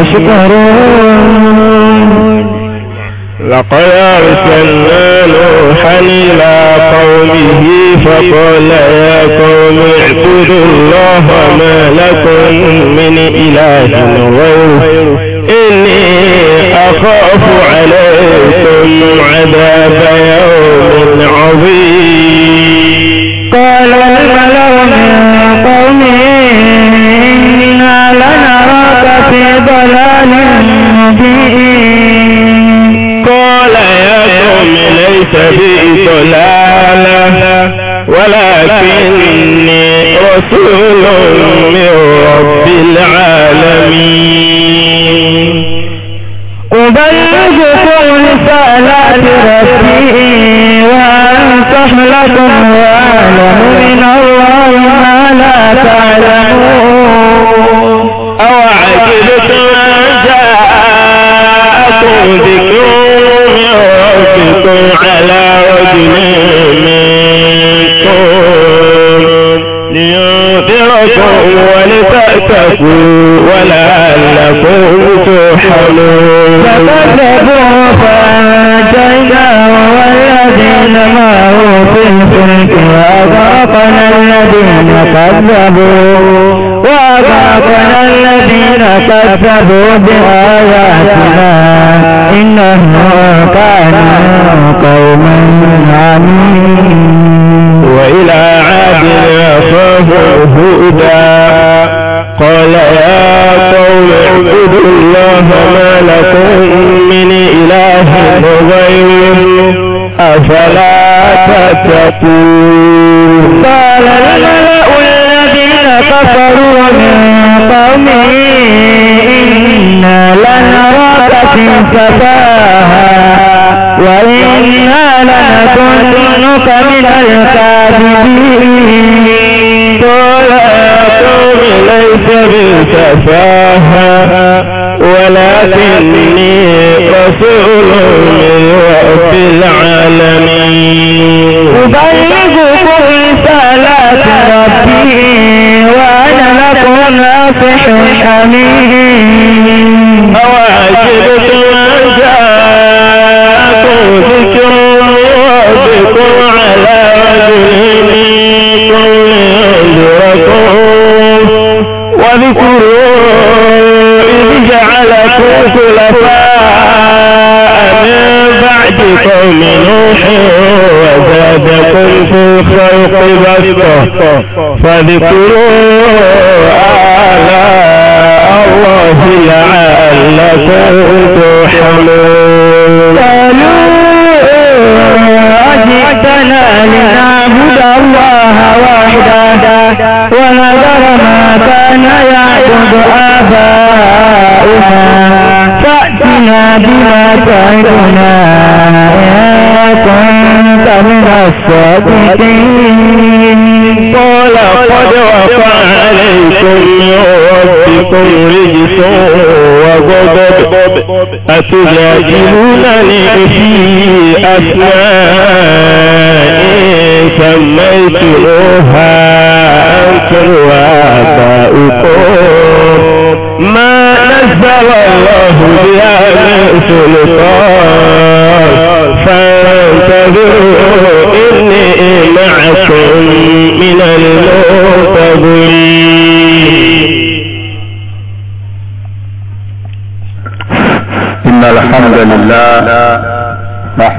يشكرون لقد أرسلنا نوحا إلى قومه فقال يا قوم اعبدوا الله ما لكم من إله غيره إني أخاف عليكم عذاب يوم بآياتنا إنه كان فاذكرون أتجادلونني في أسماء سميتموها أنتم وآباؤكم ما نزل الله بها من سلطان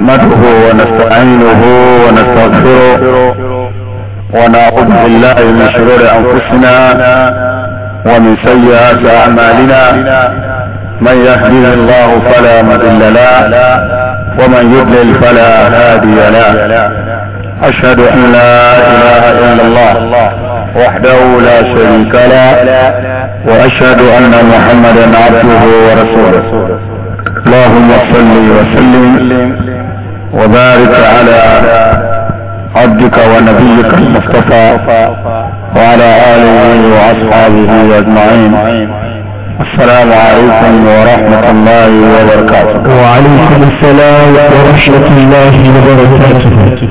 نحمده ونستعينه ونستغفره ونعوذ بالله من شرور انفسنا ومن سيئات اعمالنا من يهده الله فلا مضل له ومن يضلل فلا هادي له اشهد ان لا اله الا الله وحده لا شريك له واشهد ان محمدا عبده ورسوله اللهم صل وسلم وبارك على عبدك ونبيك المصطفى وعلى اله واصحابه اجمعين السلام عليكم ورحمة الله وبركاته وعليكم السلام ورحمة الله وبركاته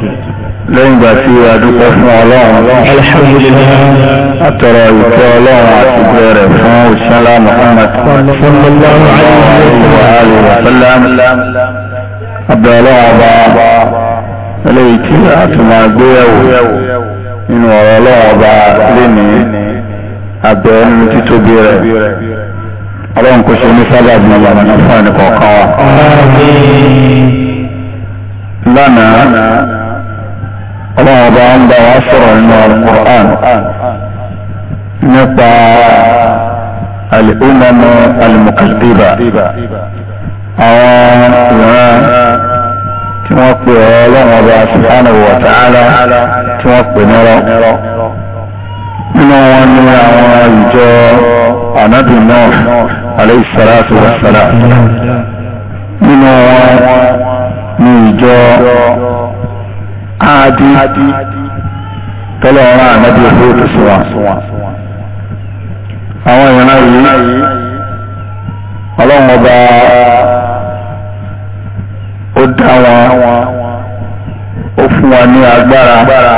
لن باتي وادوك اسمع الله الحمد لله اترى يتوى الله عسيب محمد صلى الله عليه وآله وسلم abẹ́rẹ́ ọba eléyìí tí a ti máa gbé ẹ̀wò nínú ọ̀rọ̀ ọlọ́ọ̀ba lénìí abẹ́ nínú títóbi rẹ̀ ọlọ́run kò ṣe ní sábàbí ìlànà fún ẹnì kọ̀ọ̀kan wa. lánàá ọlọ́run ọba ń bá wa sọ̀rọ̀ nínú al nípa al-umam àwọn ìran tí wọ́n pè ọ́ ọlọ́run ọba subhanahu wa ta'ala tí wọ́n pè nírọ́ nínú wọn ní àwọn ìjọ ànádùn náà alayhi salatu wa salam nínú wọn ní ìjọ áádí tọ́lọ̀ ọ̀rán ànábì òfúrufú àwọn ìran yìí ọlọ́run ọba ó dá wọn ó fún wọn ní agbára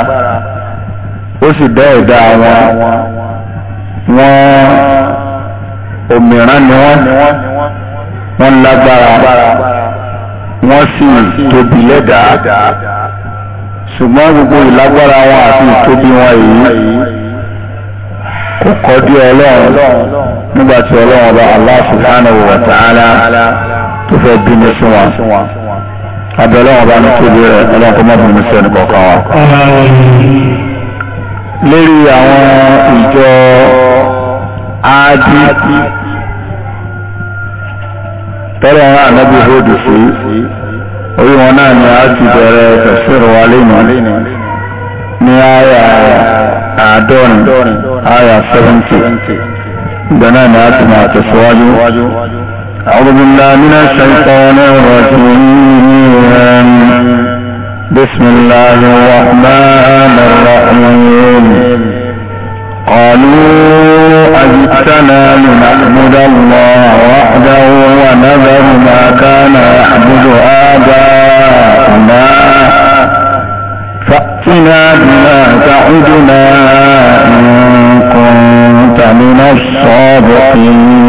ó sì dá ẹ̀dá wọn wọ́n òmìrán ni wọ́n wọ́n lágbára wọ́n sì tóbi lẹ́dàá ṣùgbọ́n gbogbo ìlágbára wọn àti ìtóbi wọn yìí kò kọjú ọlọ́run nígbà tí ọlọ́run bá Allah subhanahu wa ta'ala tó fẹ́ bínú sí wọn abẹ́lẹ́ ọba ní tóbi rẹ̀ ọlọ́kọ́ mọ́bùn ní sẹ́ni kọ̀ọ̀kan wa. lórí àwọn ìjọ ájí tọ́lọ̀ wọn ànábì hóòdù sí orí wọn náà ni a ti bẹ̀rẹ̀ tẹ̀síìrì wa lẹ́nu ní àyà àádọ́rin àyà 70 ìgbà náà ni a máa tẹ̀síwájú. أعوذ بالله من الشيطان الرجيم بسم الله الرحمن الرحيم قالوا أجئتنا لنعبد الله وحده ونذر ما كان يعبد آباؤنا فأتنا بما تعدنا إن كنت من الصادقين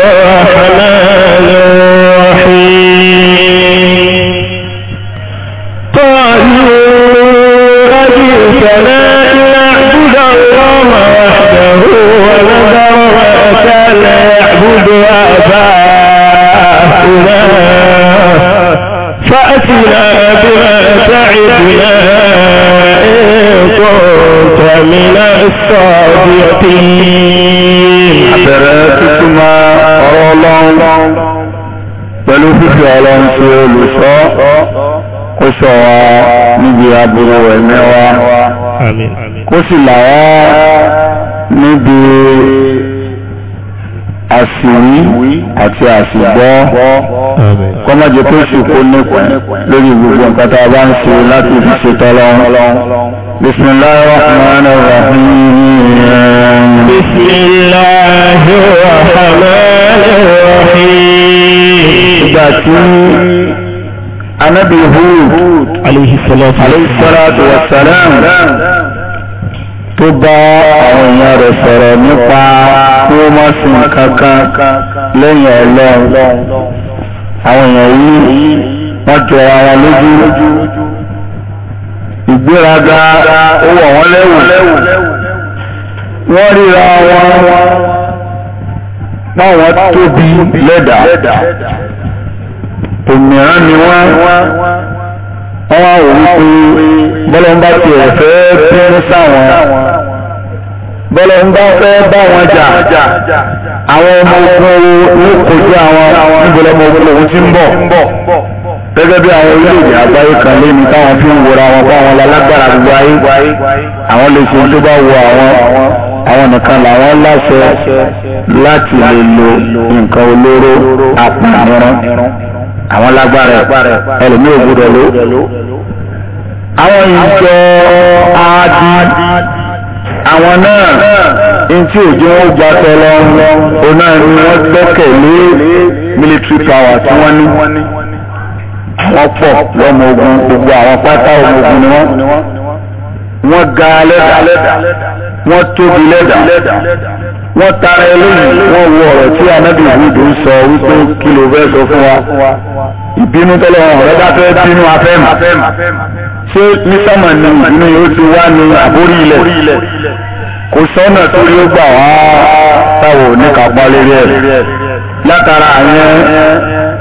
sọ wa níbi aburú ẹ̀mí wa kó sì là wá níbi àṣìwí àti àṣìgbọ́ kọ́mọ́jẹ kó sì kó nípìn lórí gbogbo nǹkan tá a bá ń ṣe láti fi ṣe tọ́lọ́ ìgbà tí anábì alayhi salatu wa salam tó bá àwọn èèyàn rẹ̀ sọ̀rọ̀ nípa kí wọ́n má sìn kankan lẹ́yìn ọlọ́run àwọn èèyàn yìí wọ́n jọra wọn lójú ìgbéraga ó wọ̀ wọ́n lẹ́wù wọ́n ríra wọn báwọn tóbi lẹ́dà òmìnira ni wọ́n. wọ́n wá wò wípé bọ́lá ń bá tiẹ̀ fẹ́ bínú sáwọn bọ́lá bá fẹ́ bá wọn jà àwọn ọmọ ogun ló kojú àwọn ogun òun ti ń bọ̀ gẹ́gẹ́ bí àwọn orílẹ̀-èdè àgbáyé kan lẹ́nu táwọn fi ń wòra wọn lálágbára gbogbo ayé àwọn ìjọ adi àwọn náà ntí òjò wọn gba tọlọ ọ̀nà ni wọ́n gbẹ́kẹ̀lé military power tí wọ́n ní wọ́n pọ̀ lọ́mọ ogun gbogbo àwọn pátá ọmọ ogun ni wọ́n wọ́n ga lẹ́dà wọ́n tóbi lẹ́dà wọ́n tara eléyìí wọ́n wo ọ̀rọ̀ tí anábì ìwúdù ń sọ wípé kí ló fẹ́ sọ fún wa ìbínú tọ́lọ́ ọ̀rẹ́ bá fẹ́ bínú afẹ́mà ṣé nísàmà ni inú yóò ti wá ní àbórí ilẹ̀ kò sọ́nà tó yóò gbà wá táwọn oníkàpá lérí ẹ̀ látara àyẹn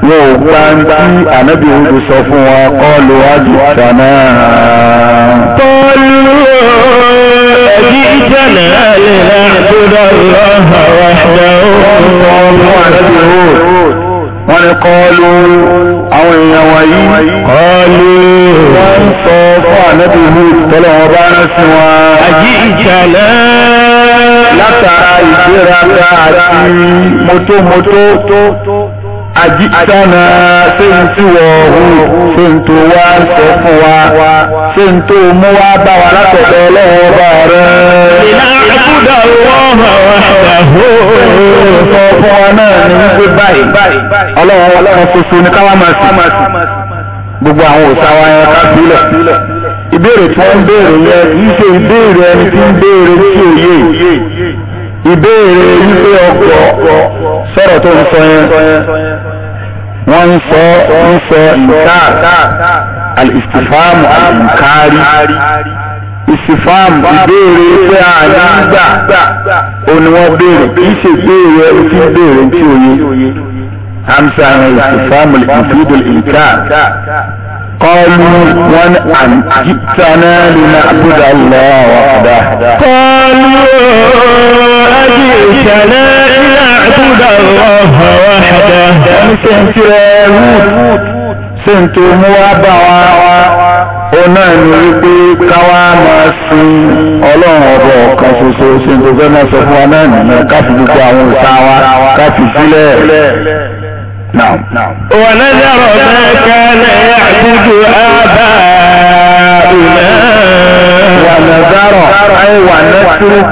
wọn ò gbà ń tí ànábì òdo sọ fún wọn kọ́ ló wá jù sànà. tọ́lú ẹ̀jí jẹ̀lẹ̀ lè lọ́dọ̀ lọ́hàn wàhálà ó. wọ́n mú wọ́n ní kọ́ọ̀lù àwọn èèyàn wọ̀nyí kọ́ọ̀lù wọ́n ń sọ fún ànábì Hud tọ́lọ̀ wọn bá rán sí wọn. àjí ìjàlẹ̀. látara ìgbéraga àti mọ́tòmọ́tò àjí ìtànà ṣé wọ̀ ọ̀hún ṣé n ń sọ fún wa ṣé mú wá bá wa látọ̀dọ̀ ọlọ́wọ́ bá rẹ̀. ìlànà àbúdà wọ́n hàn wá. hó. sọ fún gbogbo àwọn òòṣà wa yẹn ká sílẹ̀ ìbéèrè tí wọ́n ń béèrè yẹn kì ṣe ìbéèrè ẹni tí ń béèrè òye ìbéèrè ọkọ̀ sọ̀rọ̀ ìsìfáàmù ìbéèrè pé àná gbà ó ní wọ́n béèrè kì í ṣe béèrè ẹni tí ń béèrè tí ó yé hamsa àwọn ìsìfáàmù ìfìdí ìka قالوا وان جئتنا لنعبد الله وحده قالوا أجئتنا لنعبد الله وحده سنت سنت مو ó náà ní wípé káwá máa sin ọlọ́run ọ̀bọ̀ kan ṣoṣo ṣe tó fẹ́ máa sọ fún wa náà nìyẹn káfí gbogbo àwọn òòṣà wa káfí sílẹ̀. ونذر ما كان يعبد آباؤنا ونذر أي ونترك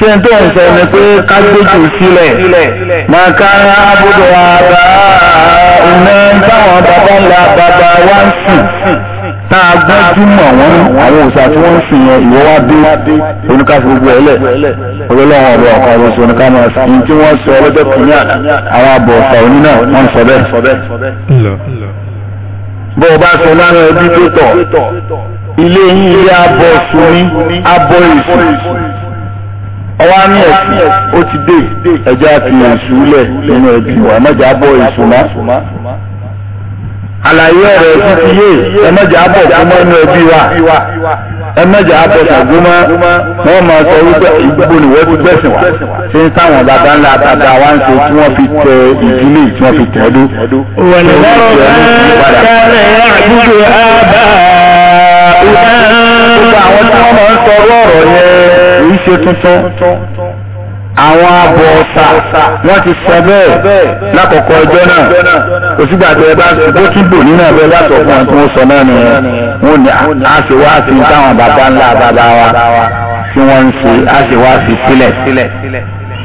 ṣé n tó ń sọ ni pé ká gbójú sílẹ̀ máa ká abúlé ara iná táwọn bàbá ńlá bàbá wa ń sìn tá a gbájú mọ̀ wọ́n àwọn òòṣà tí wọ́n ń sìn yẹn ìwọ́ wá dé oníkàfí gbogbo ẹlẹ̀ olólùwọ̀n ọ̀rọ̀ ọ̀kan oṣù oníkàmọ̀ ní tí wọ́n sọ ọlọ́jọ́ kìíní àwọn àbọ̀ òní náà wọ́n sọ bẹ́ẹ̀. bó o bá sọ lánàá ẹbí tó tọ̀ ilé yín ilé abọ́ sùn abọ́ ìsùn ọwọ́ àmì ẹ̀sìn ó ti dé ẹjọ́ àti èṣù nínú ẹbí wa ẹ̀mẹ́jà bọ̀ èṣù àlàyé ọ̀rọ̀ ti yé bọ̀ ẹbí wa ẹ̀mẹ́jà bọ̀ ṣàgbó máa sọ wípé ni wọ́n ti gbẹ̀sìn wa ṣé ń táwọn bàbá ńlá fi tẹ ìdílé tí wọ́n fi tẹ̀ ṣe tuntun àwọn abọ̀ ọ̀sà wọ́n ti sọ bẹ́ẹ̀ lákọ̀ọ́kọ́ ọjọ́ náà òsìgbà tẹ ẹ bá bó tún bò nínú ẹ̀fẹ́ látọ̀ fún ẹ̀ tí wọ́n sọ náà nìyẹn wọ́n ní a ṣe wá sí táwọn bàbá ńlá bàbá wa tí wọ́n ń ṣe a ṣe wá sí sílẹ̀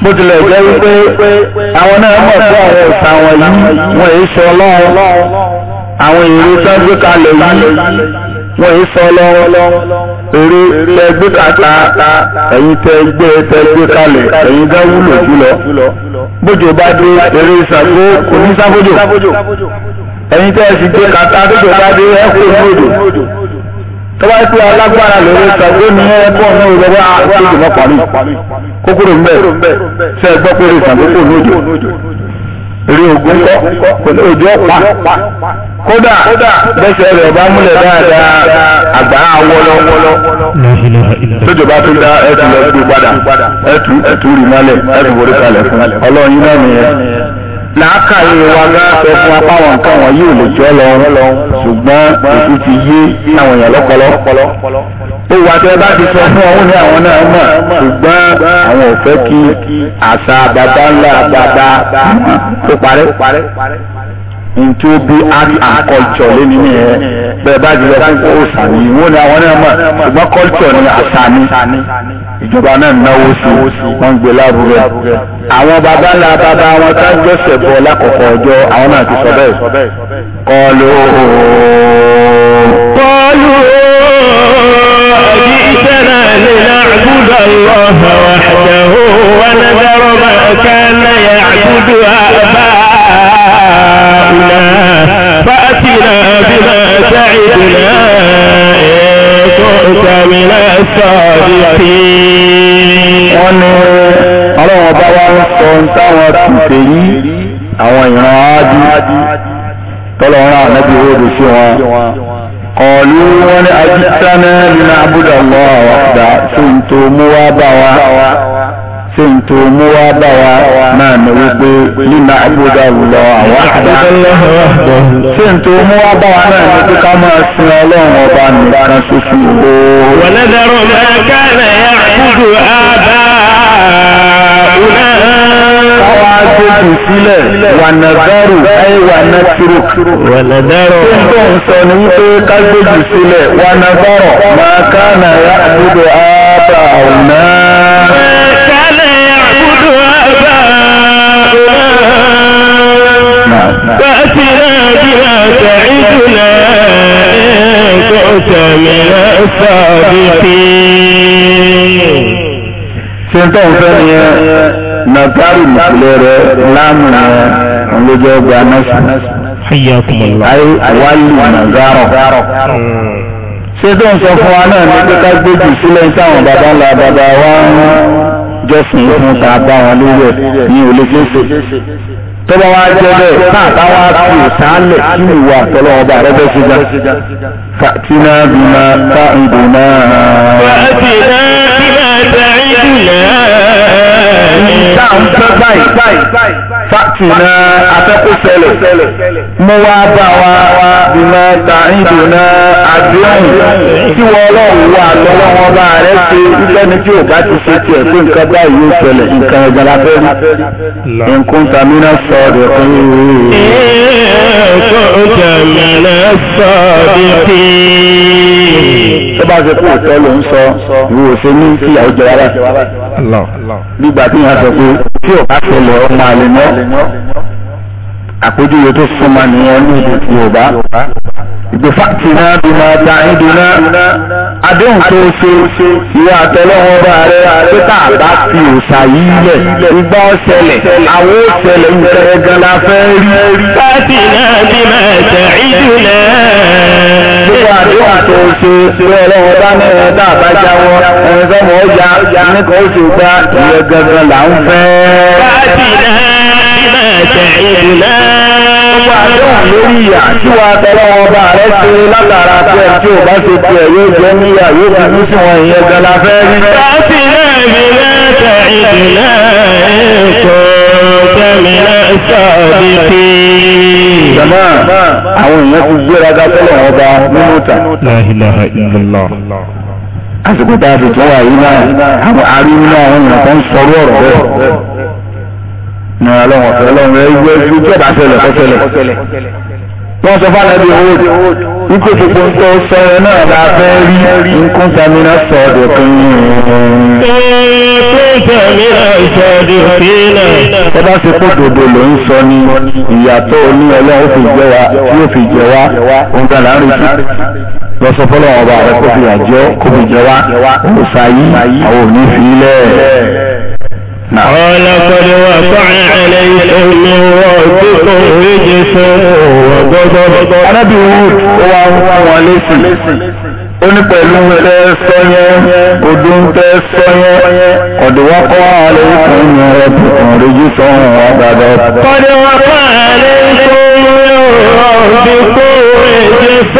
bó tilẹ̀ jẹ́ wípé àwọn náà mọ̀ pé àwọn ọ̀sà wọn yìí wọ́n èyí sọ ọlọ́run àwọn èrè tó kalẹ̀ yìí wọn yìí sọ lọ́wọ́ eré tẹgbẹ́ kàtà ẹ̀yin tẹgbẹ́ tẹgbẹ́ kalẹ̀ ẹ̀yin gá wúlò jùlọ bójò bá dé eré ìsàgbó onísàbójò ẹ̀yin tẹ́ ẹ sì gbé kàtà bójò bá dé ẹ̀kọ́ ìmọ̀dò tọ́wá pé alágbára lórí ìsàgbó ni ẹ bọ̀ ní ìrọ̀wọ́ àkójò náà parí kókóró ń bẹ̀ sẹ́ẹ̀ gbọ́ pé ìsàgbó kò ní rí ogun kọ́ ojú ọ̀pá kódà bẹ́sẹ̀ rẹ̀ bá múlẹ̀ dáadáa àgbà awọ́lọ́ tójọba tó dá ẹ̀tù lọ gbé padà ẹ̀tù ẹ̀tù rì mọ́lẹ̀ fún náà nìyẹn. làákàyè wa gán sọ fún apá àwọn nǹkan wọn yóò lè jọ lọ ṣùgbọ́n èsì ti yé àwọn èèyàn lọ́pọlọ ó wà tẹ bá ti sọ fún ọhún ní àwọn náà mọ̀ ṣùgbọ́n àwọn ò fẹ́ kí àṣà bàbá ńlá bàbá tó parẹ́ nti o bi art and culture lẹ́ni ní ẹ bẹ́ẹ̀ bá jùlọ fún òòsàn ni wọ́n ní àwọn náà mọ̀ culture ni àṣà ìjọba náà náwó sí wọn gbé lárugẹ àwọn baba ńlá baba wọn tá ń jọ́sẹ̀ bọ lákòókò ọjọ́ àwọn náà ti sọ bẹ́ẹ̀ kọlu kọlu ọ̀dìtẹ́nà lè nàgbúdọ̀ lọ́wọ́ wàhálà wọn nàdàrọ̀ máa ká náà yà àgùdù àbá ìlà fàtìlà bímà sáìdùnà ẹ̀kọ́ táwọn kùtè yìí àwọn ìran áájú tọ́lọ́run ànábì òòdù sí wọn kọlu wọn ni ajítánà nínú abúdà lọ àwọn ọ̀dà sí ń tó mú wá bá wa sí ń tó mú bá wa náà ni wípé nínú abúdà lọ àwọn ń tó mú bá wa náà ni pé máa sin ọlọ́run ọba nìkan ṣoṣo. wọlé dẹrù mẹ́kànnì yàrá ìdù àbá òun náà gbòkù sílẹ̀ wànàdárò ayé wànàtúrò. wànàdárò. tí n tó ń sọ ni wípé ká gbòkù sílẹ̀ wànàdárò máa ká nà yá àbúdó ọ̀nà. ká nà yá ọ̀nà. bàtí náà jìnnà kẹ̀rí jùlọ ẹ̀ẹ́dọ̀ tẹ̀mílẹ̀ sọ̀rọ̀ bíi. tí n tó ń sọ nìyẹn nàkàrù ìpìlẹ̀ rẹ̀ láàmù rẹ̀ ọlọ́jọ́ ọgbà náà wálì nàgárọ̀. ṣé tó ń sọ fún wa náà ní pé ká gbégbì sílẹ̀ táwọn bàbá ńlá bàbá wa ń jọ́sìn fún ta bá wọn lórí ẹ̀ ní olóṣèṣe tọ́ba wa jẹ́ bẹ́ẹ̀ náà táwa fi sálẹ̀ kí ìwà àtọ́lọ́wọ́ba rẹ bẹ́ẹ̀ ṣe gan. fàtínà bímá tá ìdùnnà. fàtínà bímá tá ìdùnnà à ń fẹ́ báyìí fáàtì náà afẹ́kùsẹ̀lẹ̀ mú wá bá wa bímọ tàǹdù náà àdéhùn tí wọ́n ọlọ́run wà lọ́wọ́ wọn bá rẹ ṣe ìfẹ́ni tí ò bá ti ṣe tiẹ̀ pé nǹkan báyìí yóò ṣẹlẹ̀ nǹkan ẹ̀gbọ́n lábẹ́ nǹkan tàmínà sọ̀rọ̀ pé. nǹkan tàmínà sọ̀rọ̀ pé bá ṣe kó òtọ́ ló ń sọ ìwò ṣe ní kí ìyàwó jẹ wálẹ̀ nígbà tí yàn sọ pé tí ò bá ṣẹlẹ̀ ọmọ àlè mọ́ àpèjúwe tó súnmọ́ nìyẹn ní ìdí Yorùbá ìgbèfà tì náà bí máa ta ìdí náà àdéhùn tó ṣe ìwé àtọlọ́wọ́ bá rẹ pé tá a bá fi òòṣà yìí lẹ̀ ìgbà ọ̀ṣẹlẹ̀ àwọn òṣẹlẹ̀ nǹkan ẹ̀gan la fẹ́ rí. pátì náà bí máa tẹ̀ ìdílé. gbogbo àdéhùn tó ṣe ìwé ọlọ́wọ́ bá ní ẹ̀ tá a bá jáwọ́ ẹ̀ fẹ́ mọ̀ ọ́ ya nìkan ó ṣe gba ìyẹn gangan là ń fẹ́. pátì náà. ما تعدنا Gbogbo àdéhùn lórí ìyà tí wàá tọ́lọ́ ọba rẹ̀ ṣe látara tí ẹ tí ò bá ṣe tí ẹ yóò jẹ́ níyà yóò fi mú sí wọn ìyẹn gan la fẹ́ rí. a ti tún wà yìí náà àwọn arínú àwọn èèyàn kan sọ̀rọ̀ ọ̀rọ̀ bẹ́ẹ̀ ní ọlọ́wọ́n fẹ́ ọlọ́wọ́n rẹ ìwé ìwé tí ọ̀dà ṣẹlẹ̀ kọ́ṣẹlẹ̀ wọ́n sọ fún alẹ́ owó wípé gbogbo ń tó sọ ẹ náà bá fẹ́ rí nǹkan samina sọ̀dọ̀ kan ẹ bá ṣe pé dòdò ló ń sọ ní ìyàtọ̀ ní ọlọ́run fi jẹ wá yóò fi jẹ wá òun kan láàrin sí lọ sọ fọlọ ọba rẹ kó fi àjọ kó fi jẹ wá òòsà yìí àwọn ò fi í قال قد وقع عليكم من ربكم رجس وغضب Ànábì Hud wá wá wọn lẹ́sìn ó ní pẹ̀lú tẹ́ sọ yẹn ọdún tẹ́ sọ yẹn قد وقع عليكم من ربكم رجس وغضب. قد وقع عليكم من ربكم رجس.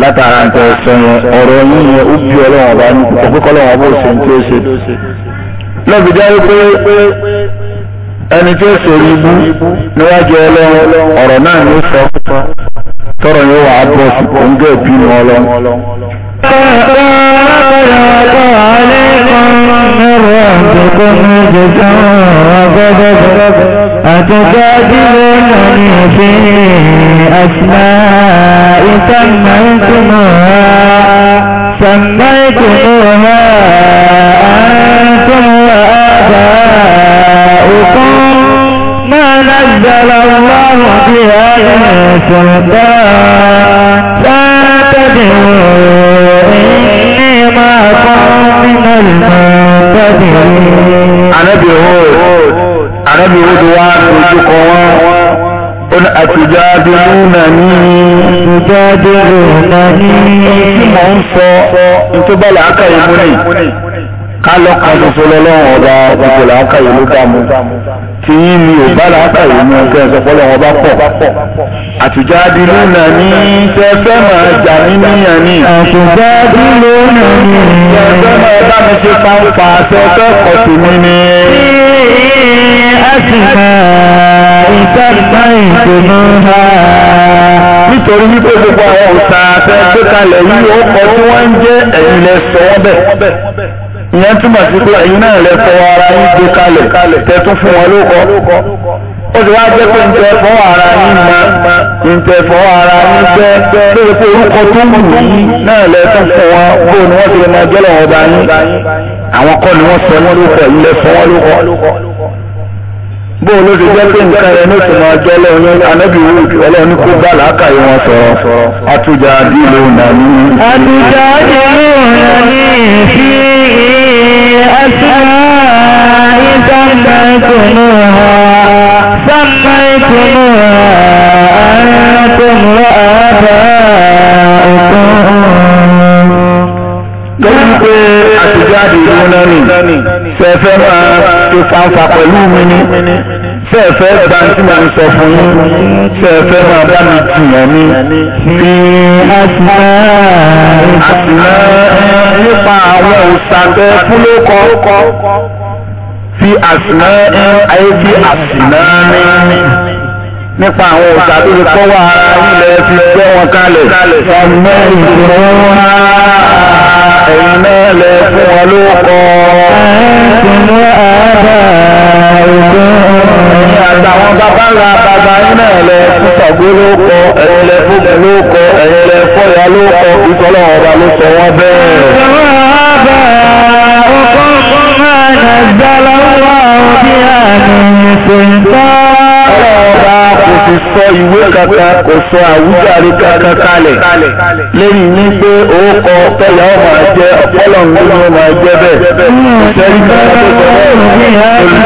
látara nǹkan ẹ̀sìn ọ̀rọ̀ yín yẹn ó bí ọlọ́run ọba ní ọ̀pẹ́kọ́ ọlọ́run ọba òsè tí ó ṣe. lọ́bi jẹ́ wípé ẹni tí ó sòrí ibú níwájú ọlọ́run ọ̀rọ̀ náà ní sọ tọrọ yóò wà á bọ̀ sí òǹgẹ́ ìbínú ọlọ́run. أتجادلونني في أسماء سميتموها سميتموها أنتم وآباؤكم ما نزل الله بها من سلطان àtìjádìlúnàní ìjádìlúnàní tí mọ̀ ń sọ tó bá làákà ìmú ní kálọ́ kan ṣoṣo lọ́lọ́run ọba gbogbo làákà ìlú dámú tí yí ni ò bá làákà ìmú ọgbẹ́ ìsọpọ́lọ́ ọba pọ̀ àtìjádìlúnàní tẹ́fẹ́ máa jà mí níyàn ní àtìjádìlúnàní tẹ́fẹ́ máa bá mi ṣe pàǹpà tẹ́fẹ́ kọ̀tù mi ní. Nítorí wípé gbogbo àwọn òta fẹ́ gbé kalẹ̀ yìí ó kọ tí wọ́n ń jẹ́ ẹ̀yin lẹ́sọ̀ wọ́n bẹ̀. Ìyẹn túmọ̀ sí pé ẹ̀yin náà lẹ́sọ̀ ara yín gbé kalẹ̀ tẹ́tún fún wọn lóko. Ó ti wá jẹ́ pé ń tẹ fọ́ ara yín mọ́, ń tẹ fọ́ ara yín jẹ́ lórí pé orúkọ tó wù yín náà lẹ́sọ̀ fún wọn bó ni wọ́n ti máa jẹ́ lọ́wọ́ bá yín. Àwọn kọ́ ni wọ́n sọ wọ́n lóko ẹ̀yin lẹ́sọ̀ wọ́n lóko bó o ló ti jẹ́ pé nǹkan ẹni tó máa jọ lọ́wọ́ anábì wù ọlọ́run kó bá làákàyè wọn sọ̀rọ̀ àtújà dìlò nàní. àtújà dìlò nàní fi àṣà ìdáná ìkùnú ha sàmà ìkùnú ha àyàkùn rẹ̀ àbá òkun. lórí pé àtújà dìlò nàní fẹ́ẹ̀fẹ́ máa tó fanfa pẹ̀lú mi ní fẹ́ẹ̀fẹ́ gba tí mo ń sọ fún yín fẹ́ẹ̀fẹ́ máa bá mi jìyàn ní. fi àtìmá àtìmá nípa àwọn òṣàtẹ fúlókọ fi àtìmá ayé fi àtìmá ní nípa àwọn òòṣà tó lè kọ́ wà ara ilẹ̀ fi gbé wọn kalẹ̀. ọ̀nà ìṣòro rárá ẹ̀yin náà lẹ fún wọn ló kọ́. ẹ̀ẹ́dùnú àbá òkú. ẹ̀yin àtàwọn bàbá ńlá bàbá yín náà lẹ fún tàgbé ló kọ́ ẹ̀yin lẹ fún mi ló kọ́ ẹ̀yin lẹ fún ló kọ́ ìtọ́lọ́wọ́n ló sọ wọ́n bẹ́ẹ̀. kọ ìwé kankan kò sọ àwùjáre kankan kalẹ̀ lẹ́yìn ní pé owó kọ tọ́lá ó máa jẹ ọ̀pọ̀lọ̀ ń gbóná ó máa jẹ bẹ́ẹ̀. ìṣẹ́yìn kan tó sọ bẹ́ẹ̀ olùdáhùn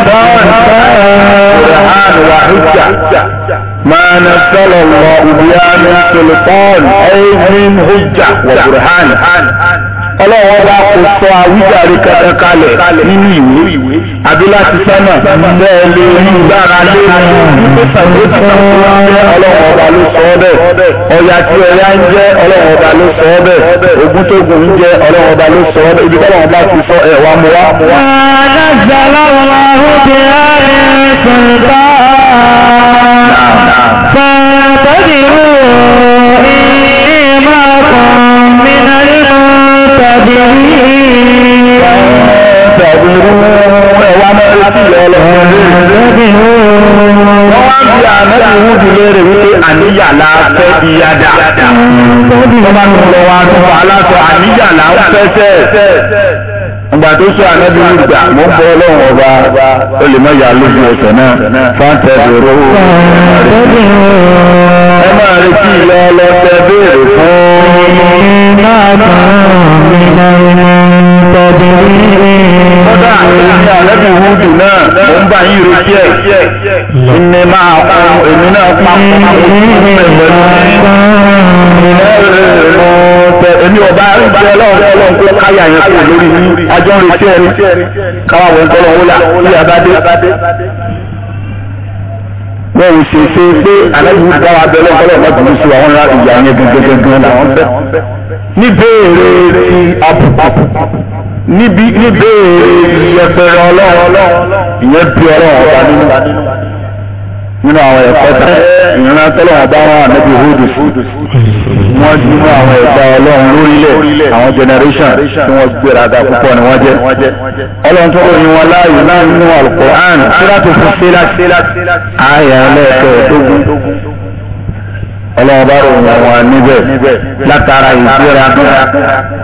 wàhíjà máa na sọ̀rọ̀ lọ ìdíyàmí tòlùpọ́ọ̀lù ẹ̀yìn hujja wà burhan ọlọ́wọ́ bá kò sọ àwíjàre kankan kalẹ̀ nínú ìwé àbí láti sánà mọ́ ẹ lé onígbàrá lé ọlọ́wọ́ ọba ló sọ ọ́ bẹ́ẹ̀ ọ̀yà tí ọ̀yà ń jẹ́ ọlọ́wọ́ ọba ló sọ ọ́ bẹ́ẹ̀ ogun tó gùn ń jẹ́ ọlọ́wọ́ ọba ló sọ ọ́ bẹ́ẹ̀ ibi tọ́lọ́wọ́ bá ti sọ ẹ̀wà mu wá. ọmọ etí lọ́lọ́. Wọ́n tó sọ ànábì Húdù mo bọ́ ọlọ́run ọba ó lójú ọ̀sẹ̀ náà. Fáńtẹ̀ bèrè owó. Ẹ máa retí ìlọ ọlọ́tẹ béèrè fún. Náà ní àlẹ́bí náà mo ń bá yín retí ẹ̀ ní máa pa èmi náà pa èmi ọba àríjẹ ọlọ́run kó káyà yẹn kò lórí ajọ́ ń retí ẹni káwá wọn kọ́ lọ́wọ́ la abádé bẹ́ẹ̀ ò ṣe ṣe pé àlẹ́bí dá wa bẹ́ẹ̀ lọ́kọ́lọ́ ọ̀gá tòun sí àwọn ìyá yẹn gẹ́gẹ́ gẹ́gẹ́ làwọn bẹ́ẹ̀ níbèrè ti àbùkù níbi níbèrè yẹpẹrẹ ọlọ́run ìyẹn bí ọlọ́run ọba nínú nínú àwọn ẹ̀kọ́ tá ìran tọ́lọ́run ọba wọn ànábi hódù wọ́n nínú àwọn ẹ̀dá ọlọ́run lórílẹ̀ àwọn generation tí wọ́n gbéraga púpọ̀ ni wọ́n jẹ́ ọlọ́run tó ròyìn wọn láàyè náà nínú Al-Qur'an sílátò fún sílátì àyà ẹlẹ́ẹ̀kẹ́ òdógún ọlọ́ọ̀bá ròyìn àwọn níbẹ̀ látara ìgbéra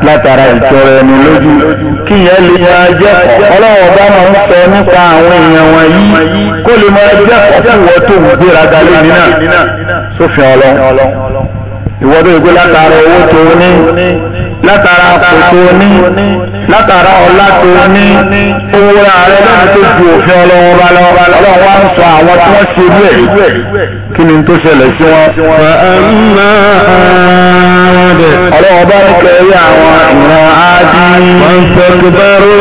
látara ìtọrọ ẹni lójú kí ìyẹn lè máa jẹ́kọ̀ọ́ ọlọ́ọ̀bá máa ń sọ nípa àwọn èèyàn wọ̀nyí kó lè máa jẹ́kọ̀ọ́ fún ìwọ tó ń gbéra galé nínà sófin ọlọ́ ìwọ́dọ̀ ìgbé látara owó tó ní látara àpò tó ní látara ọlá tó ní owó ààrẹ lẹ́nu tó ju òfin ọlọ́wọ́ bá lọ́wọ́ ọlọ́wọ́ wa ń sọ àwọn tí wọ́n ṣe bí ẹ̀ kí ni tó ṣẹlẹ̀ sí wọn. ọlọ́wọ́ bá ń kẹ́rí àwọn ìran ájí. wọ́n fẹ́ kí bẹ́rù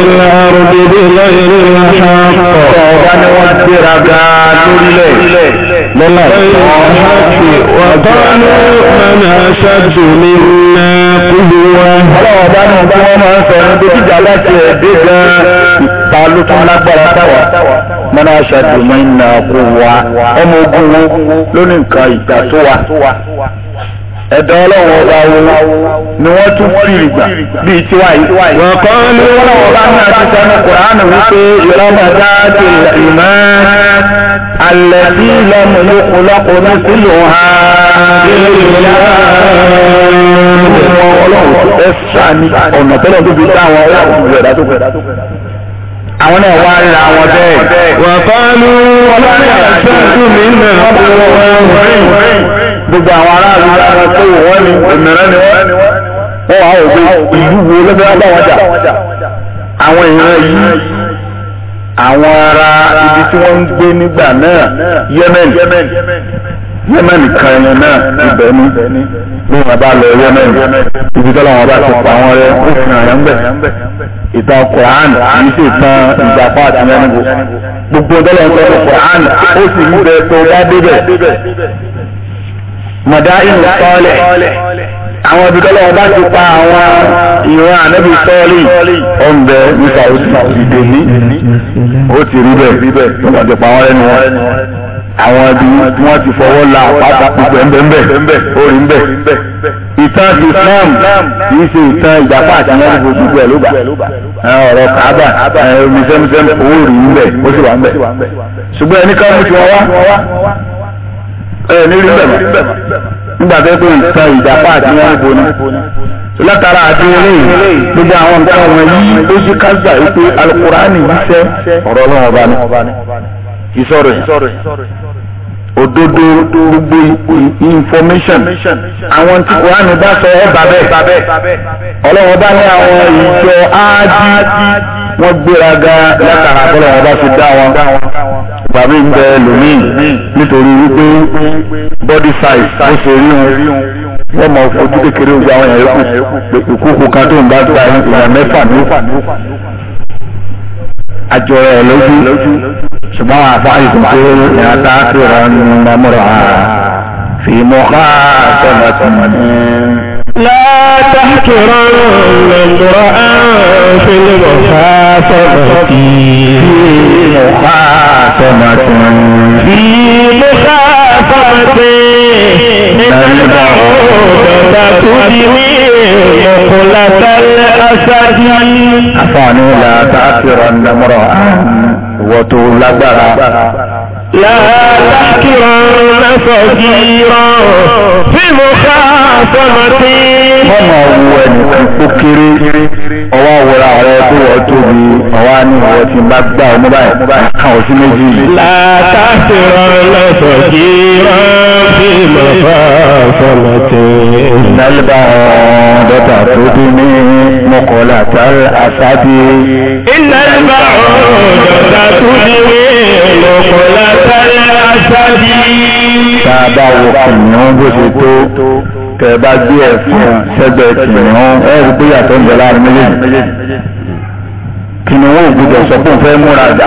ìlà àrùn bèbè lọ́yẹ̀rẹ̀ ìlà ṣáà ọ̀gá ni wọ́n gbéraga lórílẹ̀ lọ́nà ọ̀tọ́nú mẹ́nà ṣáàtù ní kúlù wa. ọlọ́wọ́ bá ní ọgbà wọn máa ń sọ ní dókítà láti ẹ̀dí gan ìta ló tún lágbára táwa mẹ́nà ṣáàtù mẹ́nà kúlù wa ọmọ ogun wo ló ní nǹkan ìjà tó wa ẹ̀dọ́ ọlọ́run ọba wo ni wọ́n tún fìrì gbà bíi tiwa yìí. wọ́n kọ́ ní ọlọ́run ọba náà ti sọnù kùránù wípé ìlọ́mọdá ti ìmọ̀ alẹ́ sí lọ́mọ lóko lọ́kọ ní sílò ha. ẹ sani ọ̀nà tẹ́lẹ̀ tó fi dá àwọn ọlọ́run ẹ̀dá tó fẹ́ àwọn náà wá rí àwọn bẹ́ẹ̀. wọ́n kọ́ ní ọlọ́run ẹ̀ṣẹ́ tó mi ń bẹ̀rẹ̀ fún wọn. gbogbo àwọn aráàlú lára pé wọ́n ni òmìnira ni wọ́n wọ́n wà ó ìlú wo lọ́gbẹ́ bá àwọn ìran yìí ibi tí wọ́n ń gbé nígbà náà Yemen Yemen kan yẹn náà ibẹ̀ ni bí bá lọ Yemen ibi tọ́lá wọn bá ti pa àwọn rẹ ó fi gbogbo sọ ó sì ń bẹ mọ̀dáìnù sọ́ọ̀lẹ̀ àwọn ibi tọ́lọ́ ti pa àwọn ìran anabi sọ́ọ̀lì ọ̀nbẹ ní sàwùsì ní ó ti rí bẹ́ẹ̀ wọ́n ti pa wọn àwọn ibi tí wọ́n ti fọwọ́ la àpáta pípẹ́ ńbẹ́ńbẹ́ orí ńbẹ́ ìtàn Islam kì í ṣe ìtàn ìjàpá àti àwọn ló ọ̀rọ̀ Kaaba omi sẹ́mísẹ́mí owó rí ńbẹ́ ó sì ẹ ní rí bẹ̀rẹ̀ nígbà tó pé nǹkan ìjàpá àti wọn bò ní. látara àti eré gbogbo àwọn nǹkan wọn yí ó sì kájà wípé ọba ni kì í sọ̀rọ̀ yìí. òdodo gbogbo information àwọn tí kùránì bá sọ ẹ bàbẹ ọlọ́run bá ní àwọn ìjọ áájí wọ́n gbéraga látara bọ́lọ́run bá fi dá wọn bàbá ń bẹ lómìn nítorí wípé body size ó ṣe rí wọn wọ́n mọ̀ ojú kékeré ojú àwọn ẹ̀yọ́kù ìkókò kan tó ń bá gba ìgbà mẹ́fà ní àjọ rẹ̀ lójú ṣùgbọ́n àwọn àfáàyè tó pé ní àtàkùrọ̀ ní mọ́mọ́rọ̀ fi mọ́ ká tọ́lá tọ́mọ́ ní. látàkùrọ̀ fi lè mọ̀ ká tọ́lá tí mọ́ ká tọ́lá fi mọ́ ká tọ́lá tí nígbà ó bẹ̀rẹ̀ tó di ní. مقلة الأسد أفعني لا تعثرن امرأ وتولدها لا تعثرن صغيرا في مخاصمتي mọ́mọ̀ wo ẹnìkan ó kéré ọwọ́ àwòrán ààrẹ tó wọ́n tóbi ọwọ́ ní ìwọ́ ti bá gbà ọmọ báyìí kan ò sí méjì البعودة تدمي مقلة الأسد إن البعودة تدمي مقلة الأسد Bàbá wo kìnìún bó ṣe tó tẹ̀ bá gbé ẹ̀fọn sẹ́gbẹ̀ẹ́ kìnìún ẹ̀rù pé yàtọ̀ ń bẹ láàrin méjèèjì kìnìún ògbúdọ̀ sọ fún fẹ́ múra dà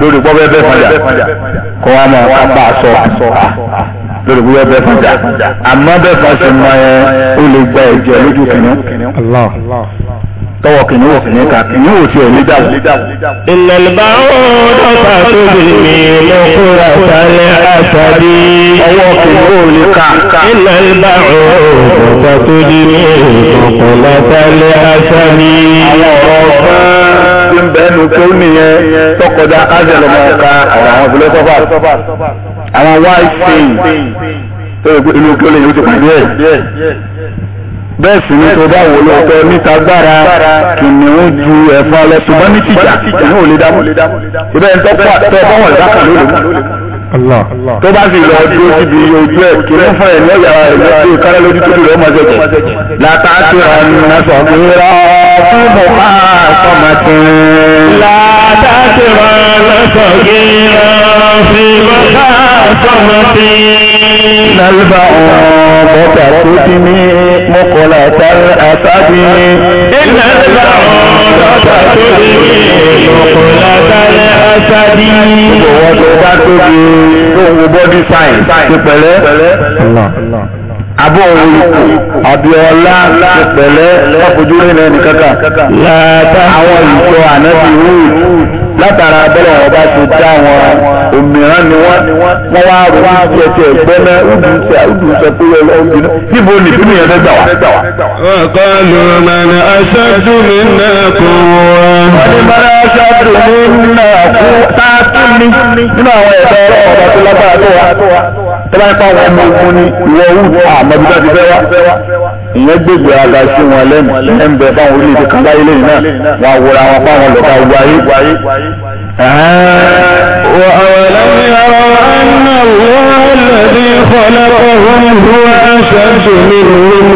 lórí gbọ́ bẹ́ẹ̀ bẹ́ẹ̀ fún jà kó wá mọ̀ apá aṣọ lórí gbọ́ bẹ́ẹ̀ fún jà àmọ́ bẹ́ẹ̀ fún aṣọ ẹ ó lè gba ẹ̀jẹ̀ lójú kìnìún tọwọ́ kìnìún wò kìnìún ká kìnìún wò sí ẹ̀ nígbà. ìnàlùbá ó dọ́ta tó bìrì mi lókùrà sálẹ̀ àtàdé. ọwọ́ kìnìún ò ní ká. ìnàlùbá dọ́ta tó bìrì mi lókùrà sálẹ̀ àtàdé. àwọn ọ̀rọ̀ ti ń bẹ́ẹ̀nu tó nìyẹn tọkọjá ájẹlọmọ ọ̀ka àwọn àwọn àwọn wáìsì tó yẹ kó inú kí ó lè yẹ ó ti pàdé ẹ̀ bẹ́ẹ̀ sì ni tó bá wò ló fẹ́ níta gbára kìnìún ju ẹ̀fọn lọ ṣùgbọ́n ní tìjà ní ò lè dámú ibẹ̀ ń tọ́pọ̀ àtọ́ bọ́wọ̀ ìdáka lónìí tó bá sì lọ dúró síbi ojú ẹ̀ kìnìún fún ẹ̀ ní ọ̀yà ẹ̀ lọ́sí ìkárẹ́ lójú tó lè ọmọ jẹjẹ látàkì ànàfọ̀ mìíràn. محاكمة لا تجرى صغيرا في محاكمة نلبع وتركتم مقلة الأسد إن البعض تركتم مقلة الأسد وتركتم gbogbo body sign ti pẹ̀lẹ́ abọ́ orúkú abiola pẹ̀lẹ́ ọ̀fojú rìn ẹni kankan àwọn ìjọ ànábì rúù látara abẹ́rẹ́ ọba ti dá wọn òmíràn ni wọ́n wọ́n wá rò ó ti ẹ̀tẹ̀ gbẹ́mẹ́ ọdúnṣe ọdúnṣe pé ọdún níbo ni bí nìyẹn fẹ́ gbà wá. ọkọ lùmọ̀nà aṣáájú mi náà kú wọn. wọ́n ní bára tọ́lá pa wọn mú fún ní ìwọ wù àmọ́bí bá ti fẹ́ wá ìyẹn gbèsè àga sí wọn lẹ́nu ẹ̀ ń bẹ fáwọn orílẹ̀-èdè kan láyé lẹ́yìn náà wọn àwòrán àwọn fáwọn lọ́ba ogun ayé. أولم يروا الله الذي خلقهم هو أشد منهم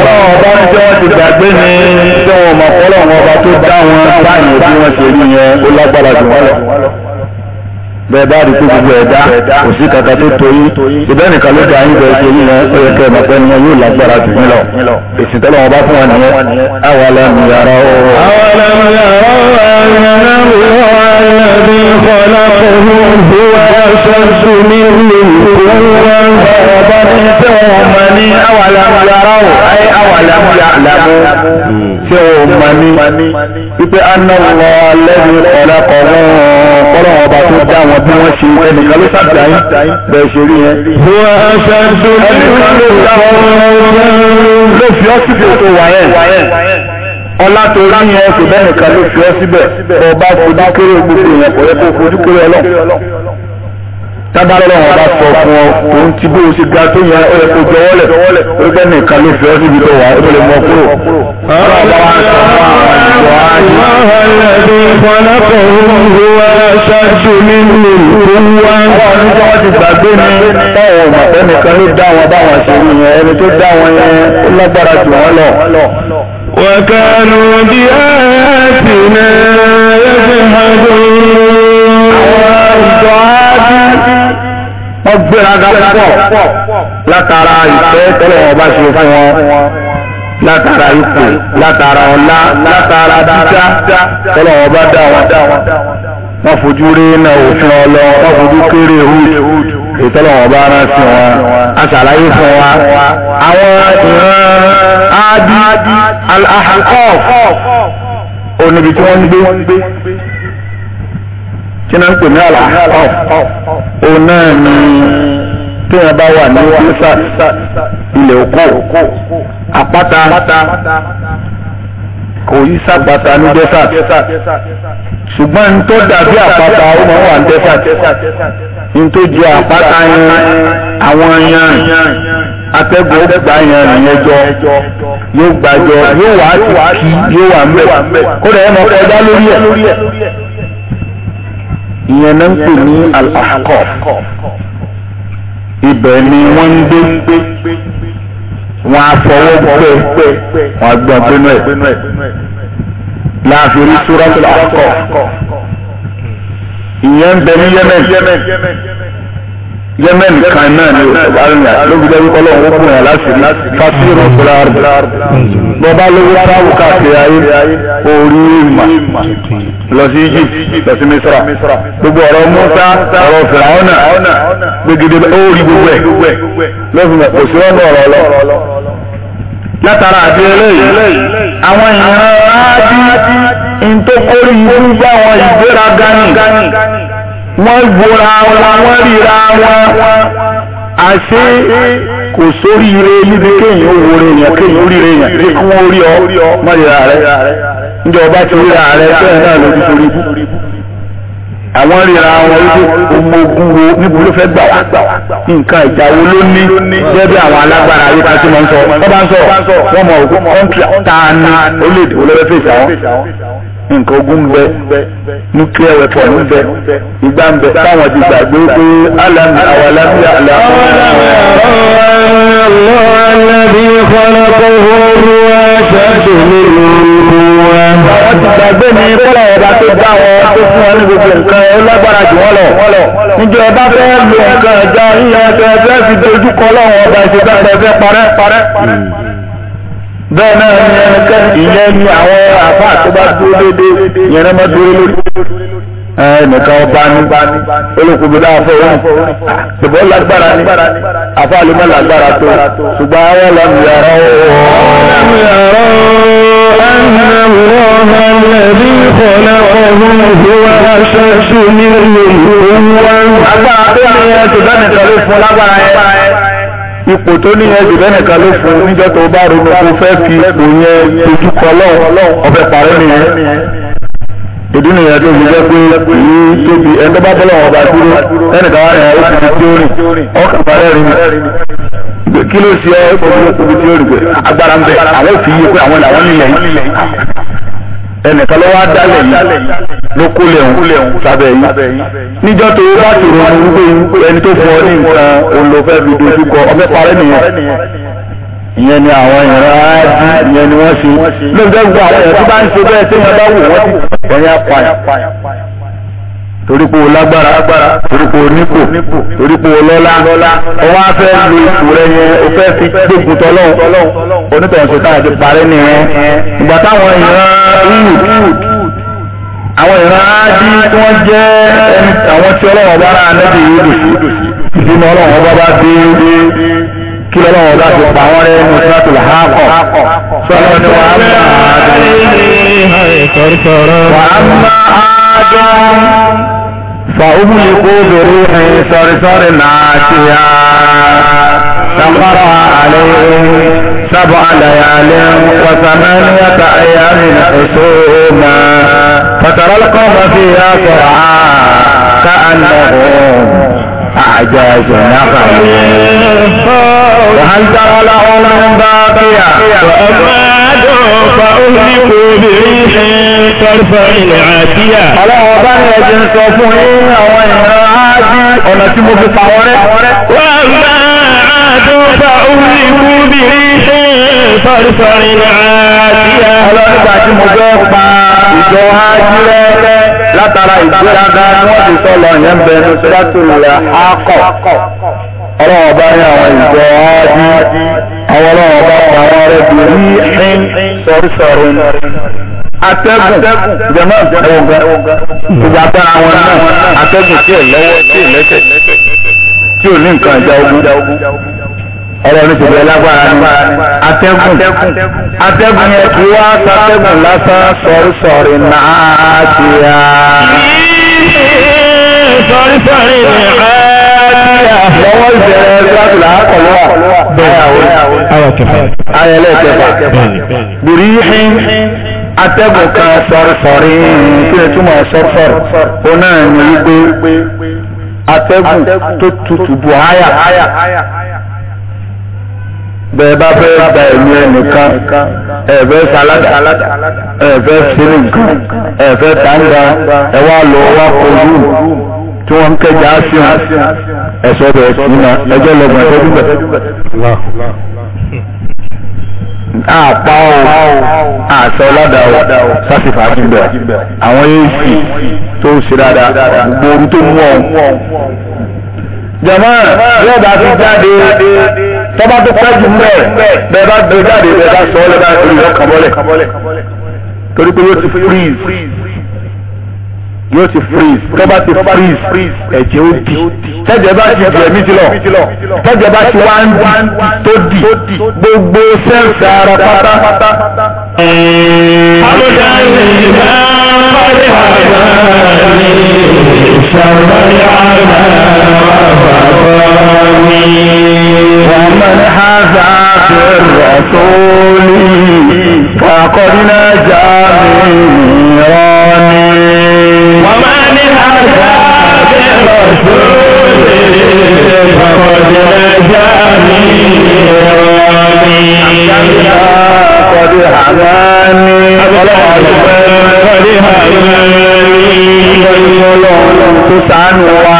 قوة ọba ń jẹ́ ti gbàgbé ni tí wọn mọ̀ fọlọ́wọn ọba tó dá wọn báyìí bí wọ́n ṣe rí yẹn ó lágbára jù wọ́n lọ bẹ́ẹ̀ bá rí pé gbogbo ẹ̀dá kò sí kàkà tó toyí ìbẹ́ nìkan ló dá yín bẹ́ẹ̀ ṣe yín yẹn ó yẹ kẹ́ ẹ̀ mọ̀ pé ni wọn yóò lágbára jù yín lọ èsì tọ́lọ́ wọn bá fún wọn nìyẹn àwọn alámi yàrá ó. àwọn alámi yàrá ó àyàrá wọ àyàbí kọlá kọlú bí wọn ṣoṣo ní ìlú wọn bá ní tẹ́wọ̀n mọ́ ní àwọn alámi yàrá ó àyè àwọn alámi yàrá ó tí wọn ò mọ̀ ní wípé anáwọ̀ lẹ́nu ọ̀rẹ́ kọ̀ọ̀rọ̀ kọ́lọ̀ ọba tó dá wọn bí wọ́n ṣe ẹnìkan ló ṣàdáyé bẹ́ẹ̀ ṣe rí yẹn. wọ́n aṣáájú ẹnìkan ló dáwọ́ ló fi ọ́ síbi ètò wàyẹ̀ ọlá tó rí yẹn kò bẹ́ẹ̀ nìkan ló fi ọ́ síbẹ̀ bọ́ọ̀ bá fojú kéré gbogbo yẹn kò yẹ kó fojú kéré ọlọ́run tábàlọ́ wọn bá sọ fún ọ tó ń ti bó o ṣe ga tó yẹn ó yẹ kó jọ̀wọ́lẹ̀ wípé nìkan ló fẹ́ síbi tó wà ó tó lè mọ kúrò. Báwo màtẹ́ nìkan ló dá wọn báwọn ṣe rí yẹn ẹni tó dá wọn yẹn ó lágbára jù wọ́n lọ. Wàkànú di àyàtì náà ọgbẹ́raga látara ìfẹ́ tọ́lọ̀ ọba ṣe fún wọn látara ipò látara ọlá látara dídá tọ́lọ̀ ọba dá wọn wọ́n fojú rí iná òfin ọlọ wọ́n fojú kéré hood ìtọ́lọ̀ ọba rán sí wọn aṣàlàyé fún wa àwọn ìran adi al-ahqaf Onibi tí wọ́n ń gbé tí wọ́n ń pè ní àlàáfà òun náà ni tí wọ́n bá wà ní sísà ilẹ̀ òkú àpáta kò yí sàgbàtà ní dẹ́sà ṣùgbọ́n n tó dàbí àpáta ó máa wà ní dẹ́sà n tó jẹ àpáta yẹn àwọn yẹn atẹ́gùn ògbà yẹn nìyẹn jọ yóò gbàjọ yóò wá tì kí yóò wà ń kó lè yẹn mọ̀ kọjá lórí ẹ̀ ìyẹn náà ń pè ní al-ahqaf ibẹ̀ ni wọ́n ń gbé wọn afọwọ́ pẹ́ wọn gbọ́n gbénú ẹ̀ láàfin rí suratul ahqaf ìyẹn ń bẹ ní Yemen yemen kan náà ni òṣèlú àrùnyà lóbi lẹ́rú kọ́ lọ́wọ́ fún yàrá sí ní kásírò fúra rẹ̀ bọ́bá lówó táwọn káàkiri ayé orí ìmà lọ sí egypt lọ sí misra gbogbo ọ̀rọ̀ musa ọ̀rọ̀ fìràwọ́nà gbẹgẹdẹ orí gbogbo ẹ̀ lọ́sùn kò sí ọ̀nà ọ̀rọ̀ lọ. látara àti eléyìí àwọn ìran áádí ń tó kórìí ń wọn ìgbéraga ní wọ́n wora wọn wọ́n ríra wọn àṣé kò sórí ire níbi kéèyàn wo re èèyàn kéèyàn oríire èèyàn kí wọ́n rí ọ mọ́ ríra rẹ níjọba ti ríra rẹ bẹ́ẹ̀ náà lójú torí ikú àwọn ríra wọn wípé ọmọogun wo níbo ló fẹ́ gbà wá nǹkan ìjà wo ló ní gẹ́gẹ́ àwọn alágbára ayé ká tí wọ́n ń sọ wọ́n bá ń sọ wọ́n mọ̀ òkú kọ́ńtì a ni orílẹ̀-èdè wo lọ́wọ́ fèsì àwọn nǹkan ogun ń bẹ nuclear weapon ń bẹ ìgbà ń bẹ táwọn ti gbàgbé pé alami awalami alamu. Alladhi gbàgbé ní kọ́lá ọba tó dá wọn tó fún wọn ní gbogbo nǹkan ó jù wọ́n lọ. Níjọ́ ọba fẹ́ lo nǹkan ẹja yíyan ẹsẹ̀ fẹ́ fi dojú kọ́ lọ́wọ́ ọba ìṣèjọba ẹ̀fẹ́ parẹ́ parẹ́ bẹ́ẹ̀ náà ni ẹnikẹ́ ìyẹn ni àwọn àfáà tó bá dúró déédéé yẹn náà máa dúró lórí ẹnìkan ọba ní olùkùnrin náà fọ òun ṣùgbọ́n lágbára ní àfáà lè má lágbára tó ṣùgbọ́n àwọn lọ́nà yàrá ó. أن الله الذي خلقهم هو أشد منهم قوة ipò tó níyẹn jù lẹ́nìkan ló fún un níjọ́ tó bá ronú kó fẹ́ fi ipò yẹn dojú kọ lọ́wọ́ ọ̀fẹ́ parẹ́ nìyẹn ìdí nìyẹn tó fi jẹ́ pé èyí tóbi ẹni tó bá bọ́lọ̀ wọn bá dúró lẹ́nìkan wá rìn àwọn òkùnkùn tí ó rìn ọkàn parẹ́ rìn kí ló ṣe ẹ́ òkùnkùn tí ó rìn agbára ń bẹ àwọn ò fi pé àwọn làwọn nílẹ̀ yìí ẹnìkan ló wá dálẹ̀ yìí ló kó lẹ́hùn sábẹ́ yìí níjọ́ tó bá ti ronú wípé ẹni tó ọ ní nǹkan olùfẹ́ fi dojúkọ ọbẹ̀ parẹ́ nìyẹn ìyẹn ni àwọn ìran áàdì ìyẹn ni wọ́n ṣe lóòótọ́ gbogbo àwọn èèyàn tó bá ń ṣe bẹ́ẹ̀ torí pé o lágbára torí pé o nípò torí pé o rẹ yẹn o fẹ́ fi gbógun tọ́lọ́hún onye táyà ti parí nìyẹn ìgbà táwọn iran wood àwọn ìran ájí tí wọ́n jẹ́ ẹni àwọn tí ọlọ́wọ́ bá rà nẹ́bí sí ọlọ́wọ́ bá bá dé kí ọlọ́wọ́ bá ti pa wọ́n ní فأغلقوا بريح صرصر عاتية سخرها عليهم سبع ليال وثمانية أيام حسوما فترى القوم فيها سرعا كأنهم أعجاز نخل وهل ترى لهم باقية فأهلكوا بريح ترفع العاتية ọlọ́run ọba ní ẹ̀jẹ̀ ń sọ fún yín àwọn ìran áádì ọ̀nà tí mo fi pa wọ́n rẹ́. wọ́n máa àádùn fa òhùnìkú bìrì ṣe fọ́rífọ́rí ní àádìyà. ọlọ́run tí mo fẹ́ pa ìjọ áádì rẹ́ látara ìgbéraga wọ́n ti sọ yẹn bẹ̀rẹ̀ sọ́tò rẹ̀ á ọlọ́wọ́ bá ní àwọn ìjọ áádí àwọn ọlọ́wọ́ bá pa àwọn rẹ̀ bí rí ẹ̀yìn sọ̀rọ̀sọ̀rọ̀ atẹ́gùn jẹ́mọ́ ẹ̀wọ̀gá ìjàmbá àwọn náà atẹ́gùn tí ò lọ́wọ́ tí ò lẹ́sẹ̀ tí ò ní nǹkan ìjà ogun ọ̀rọ̀ ní tòbí ẹlágbára ni atẹ́gùn atẹ́gùn yẹn kí wá sátẹ́gùn lásán sọ̀rọ̀sọ̀rọ̀ náà ti yá. sọ̀rọ̀sọ̀rọ̀ náà. wọ́n ìbẹ̀rẹ̀ sọ́tùlà àkọlọ́ ayẹlẹ́ kẹfà bùrí hìn atẹ́gùn kan sọ̀rọ̀sọ̀rí kí ẹ haya. salada ebe sínú ebe ẹ̀fẹ́ ewa ẹ̀wà lọ́wọ́ tí wọ́n ń kẹjà á sí wọn ẹ̀sọ́ bẹ̀rẹ̀ nínú ẹjọ́ lọ́gbọ̀n ẹ̀tọ́jú bẹ̀. àpá o àṣọ ọlọ́dà o sáfìfà jìnbẹ̀ àwọn èèyàn tó ń ṣe dáadáa gbòòrú tó mú ọ. jọ̀mọ́ yọ̀dà ti jáde tọ́ba tó pẹ́ jù mẹ́ bẹ́ẹ̀ bá gbé jáde bẹ́ẹ̀ bá sọ ọ́ lẹ́dá torí ọkàn mọ́lẹ̀ torí pé yóò ti freeze yóò ti freeze tó bá ti freeze ẹ̀jẹ̀ ó di tẹ́jẹ̀ bá ti di ẹ̀mí ti lọ tẹ́jẹ̀ bá ti wá ń di tó di gbogbo sẹ́ǹsì ara pátá. àbúdá ìlú náà rí àgbà mi ìṣàlọ́ rí àgbà bàbá mi. ومن هذا في الرسول فقد نجا من ṣàánú wa.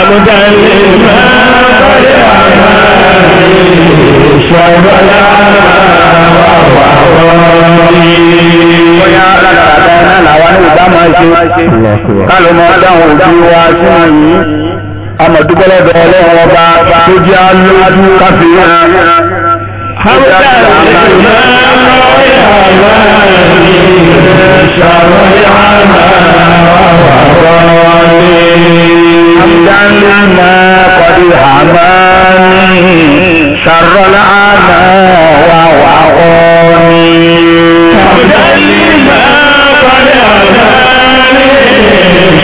àbújá ilé ìfẹ́ ọ̀rẹ́ àmà ìṣọ̀gbọ́lá wà wà wọ́ọ́rì. bóyá ládàradà náà làwọn ní ìgbà máa ṣe ká ló máa dáhùn òbí wa sí àyè amọ̀dúgbọ́lọ́dọ̀ ọlọ́run ọba tó jẹ́ alójú káfíńrán. àbújá ilé ìfẹ́ ọ̀rẹ́ àmà ìṣọ̀gbọ́lá wà wà wọ́ọ́rì. الرحمن شر العمى ووغني وجل ما قد أتاني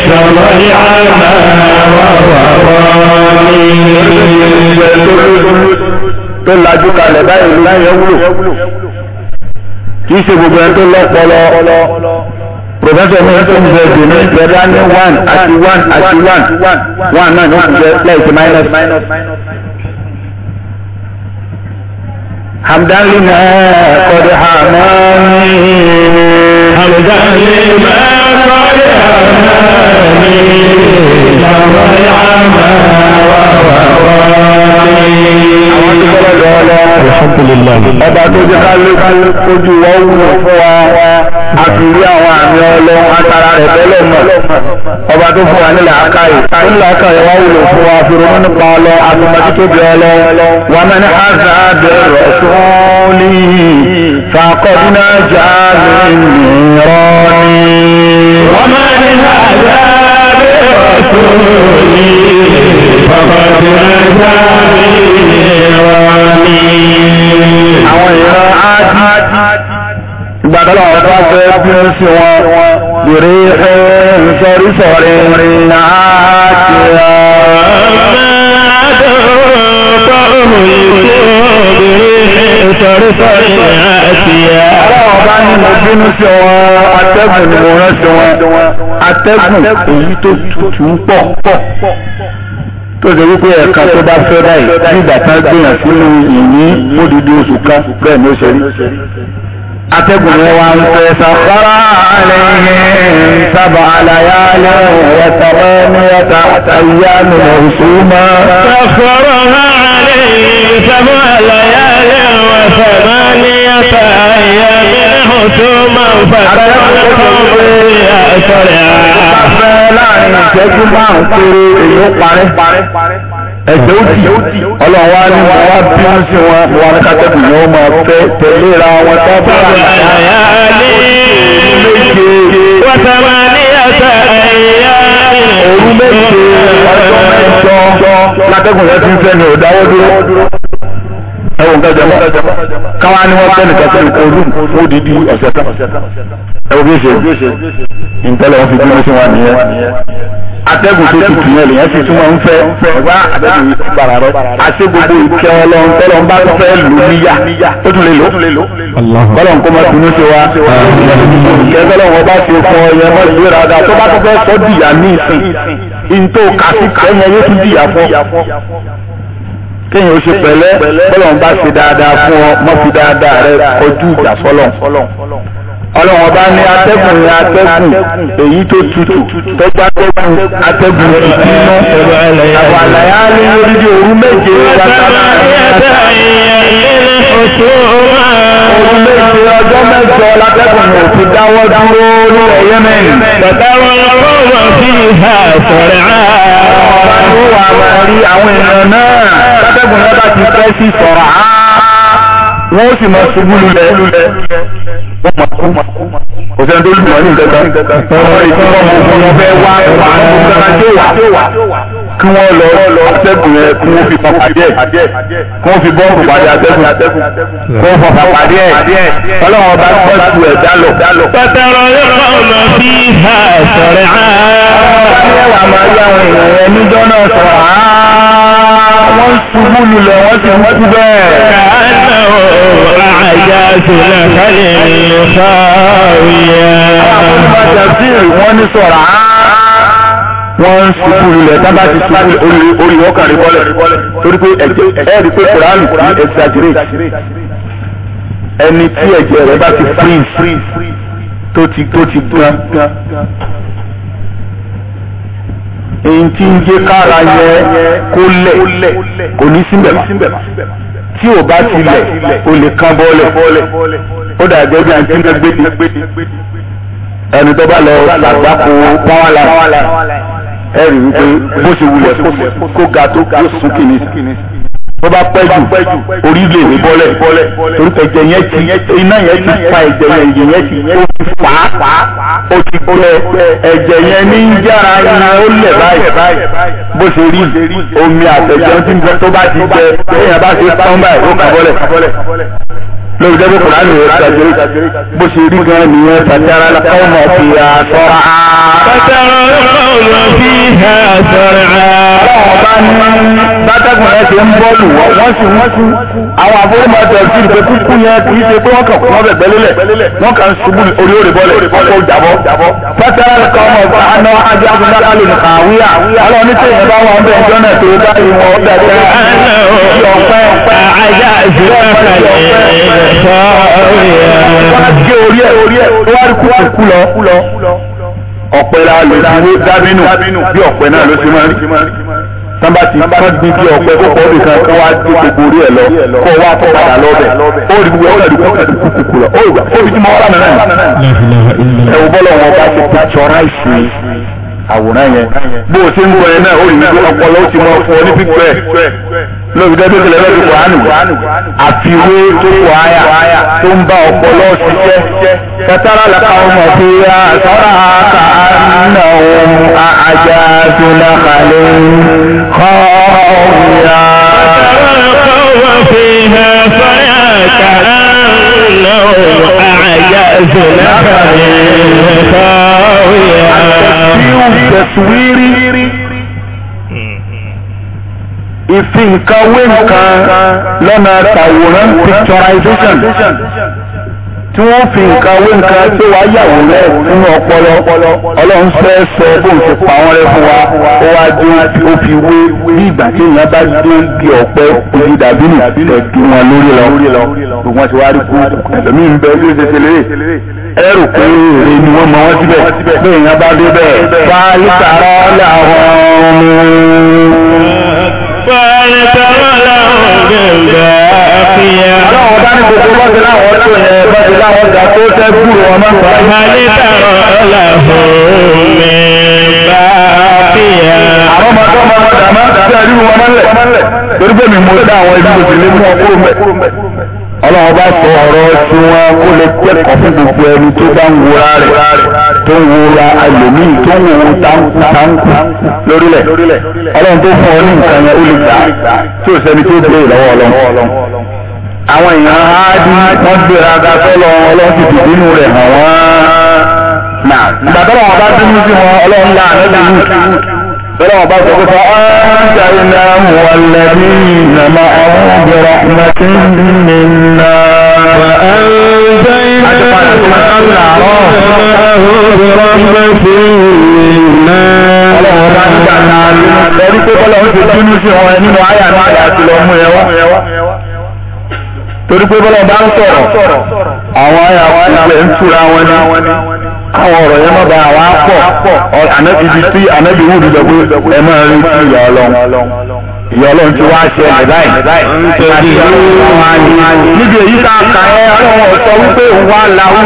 شر العمى ووغني tó lajú kalẹ̀ báyìí láyẹ̀ wúlò kì í ṣe gbogbo ẹni tó lọ́pọlọ pòfẹ́sọ̀ mi ń fún bẹ́ẹ̀ dùn ní ìjọba ní one àti one àti one one náà ní òkú jẹ́ lẹ́ẹ̀sì minus. hamdan lima qad hamani. hamdan lima qad hamani. lọ́wọ́ yàrá wà wà wà ní alhamdulillah ọba tó jẹ́ kálukú ojú wọ́n wù fún wa a ti rí àwọn àmì ọlọ́run atara rẹ̀ tẹ́lẹ̀ mọ̀ ọba tó fún wa ní làákàyè tó ní làákàyè wá wúlò fún wa fi ronú nípa ọlọ́ àtúmọ̀títóbi ọlọ́run wà á mẹ́ni àzá bẹ̀rẹ̀ sọ́ọ́lì fàkọ́dúnà jà mí nìrọ́ni. wà á mẹ́ni àzá bẹ̀rẹ̀ sọ́ọ́lì fàkọ́dúnà jà mí bá fẹ́ bínú sí wọn lórí ẹ̀hún sọrí sọrí rìn àti ra. Ọlọ́run bá ní mo bínú sí wọn, atẹ́gùn ni mo rán sí wọn, atẹ́gùn èyí tó tutù ń pọ̀ tó ṣe wípé ẹ̀ka tó bá fẹ́ báyìí nígbà tán gbìyànjú nínú ìní mọ́dúdú oṣù kan bẹ́ẹ̀ ni ó ṣe rí atẹ́gùn yẹn wá ń fẹ́ sàkárà àlẹ́yìn sábà àlàyé alẹ́ yàtọ̀rọ̀ ní yàtọ̀ àtàyà nínú ìṣúná. sàkárà àlẹ́yìn sábà àlàyé alẹ́ wàtàmá ní yàtọ̀ àyà ẹ̀jẹ̀ ó dì ọlọ́run wá ní wọn wá bí wọ́n sí wọn wọn ní kátẹ́kù ni wọ́n máa fẹ́ tẹ̀lé ra wọn sábà méje wọ́tàmá ní ọ̀sẹ̀ ẹ̀yà òru méje ọjọ́ mẹ́jọ látẹ́kùn yẹn ti ń fẹ́ ni ò dáwọ́ dúró ẹwọ nǹkan jẹmọ káwa ni wọn fẹ nìkan sẹni kó rúùn kó dídí ọ̀sẹ̀ tán ẹwọ bí ó ṣe ìtẹlẹ wọn fi bí wọn ṣe wà nìyẹn atẹ́gùn tó tutù yẹn lèyẹn sì tún máa ń fẹ́ ẹgbẹ́ atẹ́gùn yìí gbàrà rọ àṣẹ gbogbo ìkẹ́ ọlọ́run tọ́lọ́ ń bá fẹ́ lù níyà ó tún lè lò bọ́lọ̀ nǹkan máa dunú ṣe wa ìkẹ́ tọ́lọ́ wọn bá ṣe fún ọ yẹn mọ́ ìwé rárá tó bá tún fẹ́ sọ́ dìyà ní ìsìn ìntò kàṣí kẹ́yìn yóò tún dìyà fún kéèyàn ó ṣe pẹ̀lẹ́ bọ́lọ̀n bá ṣe dáadáa fún ọ mọ́ fi dáadáa rẹ kọjú ìjà sọ́lọ̀ ọlọ́run ọba ní atẹ́gùn ní atẹ́gùn èyí tó tutù tó bá tẹ́gùn atẹ́gùn ìdí iná àwọn àlàyé á ní orílẹ̀ òru méje wàtá òru méje ọjọ́ mẹ́jọ látẹ́gùn ò fi dáwọ́ dúró nílẹ̀ Yemen. bàbá wọn kọ́ wọ́n fi hà sọ̀rọ̀ àwọn ọba ní wàhálà rí àwọn èèyàn náà atẹ́gùn yẹn bá ti fẹ́ sí sọ̀rọ̀ á wọ́n sì máa ṣubú lulẹ̀ wọ́n máa kú kò sẹ́ni tó lù wọ́n ní ìtẹ́ta ọmọ ìtumọ̀ ogun wọn fẹ́ wá wà lóṣù wà kí wọ́n lọ atẹ́gùn yẹn kí wọ́n fi pàpàdé ẹ̀ kí wọ́n fi bọ́ọ̀lù pàdé atẹ́gùn kí wọ́n fọ pàpàdé ẹ̀ ọlọ́run ọba kọ́ ju ẹ̀ dálọ̀. pàtàrọ̀ yóò kọ́ ọ̀nà ìhà sọ̀rẹ̀ á. ọ̀rọ̀ bá ní máa yá àwọn èèyàn yẹn níjọ́ náà sọ̀rọ̀ á ṣubú lulẹ̀ wọ́n ti kú bẹ́ẹ̀. kàánà ọ̀rọ̀ àjà sílẹ̀ kálí ló sáwìyà. àwọn olùbàdàn sí ìwọ́n ní sọ̀rọ̀ á ah, wọ́n ń ṣubú lulẹ̀ tábà ti ṣubú orí ọkàn rí bọ́lẹ̀ torí pé ẹ̀jẹ̀ ẹ̀rí pé kùránì kì í ẹ̀sàgìrì ẹni tí ẹ̀jẹ̀ rẹ̀ bá ti fírì tó ti gbọ́n èyí tí ń jẹ́ kára yẹ kó lẹ̀ kò ní síbẹ̀ tí ò bá ti lẹ̀ o lè kán bọ́ọ̀lẹ̀ ó dà gẹ́gẹ́ àti ń gbẹ́gbẹ́ ẹni tó bá lọ ṣàgbákò pọ́nwálà ẹ̀rí wípé bó ṣe wulẹ̀ kó ga tó yóò sún kìíní tó bá pẹ́ jù orí lè rí bọ́lẹ̀ torí ẹ̀jẹ̀ yẹn ti iná yẹn ti pa ẹ̀jẹ̀ yẹn ẹ̀jẹ̀ yẹn ti ó ti fà á ó ti pẹ́ ẹ̀jẹ̀ yẹn ní yára iná ó lẹ̀ báyìí bó ṣe rí omi àtẹ̀jẹ̀ tí tó bá ti jẹ ẹ̀yìn bá ṣe tán báyìí ó kà bọ́lẹ̀ lórí dẹ́gbẹ́ kùránì rẹ̀ ṣàjẹ́ bó ṣe rí gan nìyẹn tàjára lọ́wọ́ mọ̀ fi àtọ́ra. tàjára lọ́wọ́ mọ̀ fi àtọ́ra. ọlọ́run bá ní bátàkùn yẹn ṣe ń bọ́ọ̀lù wọ́n sì wọ́n sí àwọn àfọwọ́mọ̀ ẹ̀tọ́ ìpè kúkú yẹn kì í ṣe pé wọ́n kàn kún ọbẹ̀ gbẹ́lélẹ̀ wọ́n kàn ṣubú orí òrè bọ́ọ̀lù ọkọ̀ ìjàbọ̀. pátá kan àná ajé akúndá ní kàwíyà alọ́ ní tí ìyẹn ń bẹ̀ ẹjọ́ náà tó dárí wọn ó dàgbà ọ̀pẹ́ ọ̀pẹ́ ajá ìṣúná ọ̀pẹ́ la lò sí dábínú bí ọ̀pẹ́ náà ló ti máa rí tán bá ti kán gbin bí ọ̀pẹ kó kọ́ nìkan kó wá dé gbogbo orí ẹ̀ lọ kó wá tó padà lọ́bẹ̀ ó rí gbogbo ẹ̀ka dùkú ẹ̀ka dùkú kùkù lọ ó gbà ó fi jí mọ́ ọ́ lánàá náà ẹ̀wù bọ́lọ̀ wọn bá ti picturize àwòrán yẹn bó o ti ń gbọ́ yẹn náà ó rí gbogbo ọpọlọ ó ti mọ fún ọ ní pípẹ́ lórí dẹ́gbẹ́ tẹ̀lé lọ́dún kùránù àfiwé tó wà áyà tó ń bá ọpọlọ ṣiṣẹ́ kẹtàrà làkàwọn mọ̀ pé àtàrà كأنهم أعجاز نخل خاوية فيها فيا كأنهم أعجاز نخل خاوية تصوير ìfi nǹkan wé nǹkan lọ́nà tàwòrán picturization tí wọ́n fi nǹkan wé nǹkan tí wàá yàwó rẹ̀ nínú ọpọlọ ọlọ́run fẹ́ sọ bóun ti pa wọ́n rẹ́ fún wa ó wá dé ó fi wé bí ìgbà tí èèyàn bá dé bí ọ̀pẹ òbí dàbí nì ẹ̀dùn wọn lórí lọ ṣùgbọ́n ti wá rí kú ẹ̀lòmíì ń bẹ bí ó ṣe ṣe lérè ẹrù pé èrè ni wọ́n mọ wọ́n síbẹ̀ bí èèyàn bá dé bẹ́ẹ̀ fáyítà rọ́ọ̀lá ọ̀hún. Wọ́n tọrọ láwọn gbẹ̀gbẹ̀ àfihàn. Aláwọ̀ bá ní gbogbo bọ́ọ̀dì láwọn tó yẹ bọ́ọ̀dì wọn máa ń sọ. Torí pé mi mo dá àwọn ibi sí lé fún ọkúrò mẹ́ ọlọ́run bá sọ ọ̀rọ̀ tí wọ́n kó lè kẹ́kọ̀ọ́ fún gbogbo ẹni tó bá ń wura rẹ̀ tó ń wura àlòmíì tó ń wura táǹkù táǹkù lórílẹ̀ ọlọ́run tó fún ọ ní nǹkan yẹn ó lè gbà tí ò sẹ́ni tó béèrè lọ́wọ́ ọlọ́run. àwọn èèyàn á di wọ́n gbéra ga sọ́lọ ọlọ́run ti dìbò inú rẹ̀ hàn wọ́n. ìgbà tó lọ́wọ́ bá dúró sí wọn ọlọ́run lá فلما بعد فأنجيناه والذين معه برحمة منا Ẹ̀rí pé bọ́lọ́run ti bínú sí wọn nínú àyà náà àti lọ mú ẹwà. Torí pé bọ́lọ́run ń túra wọn ní káwọn ọ̀rọ̀ yẹn má bàa wá pọ̀ ànábi tí ànábi wúdi dọ̀ pé ẹ máa rí sí ìyá ọlọ́run ìyá ọlọ́run ti wá ṣe ẹ̀ báyìí nítorí níbi èyí tá a kà ẹ́ ọlọ́run sọ wípé òun wá lawú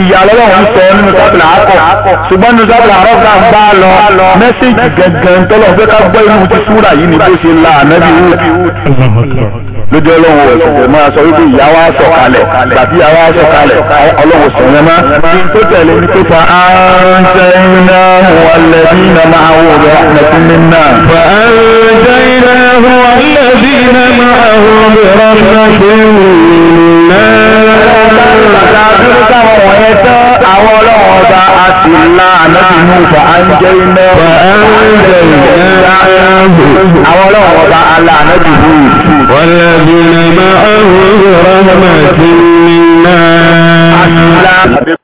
ìyá ọlọ́run sọ nínú sábìlà akọ ṣùgbọ́n nínú sábìlà arọ́gà ń bá lọ mẹ́sẹ̀gì gẹ̀gẹ̀ tọ́lọ̀ fẹ́ ká gbọ́ irú ti súrà yìí ní bó ṣe la ànábì wood lójú ọlọ́run ẹ̀sùn tẹ̀ máa sọ wípé ìyá wa sọ kalẹ̀ tàbí ìyá wa sọ kalẹ̀ ọlọ́run sọ yẹn má tó tẹ̀lé ní pípa ààrẹ ṣẹ́yìn wọlé bí nàmáà rẹ̀ ọ̀pẹ̀ mi náà. الله والذين معه برحمة منا àwọn ọlọ́run ọba a sì la ànábì inú fa áńjẹ́ iná fa áńjẹ́ iná àwọn ọlọ́run ọba a la ànábì inú ìfú. wọ́lẹ́bí ni máa ń rọ́ọ̀mà sí iná. a sì la ànábì.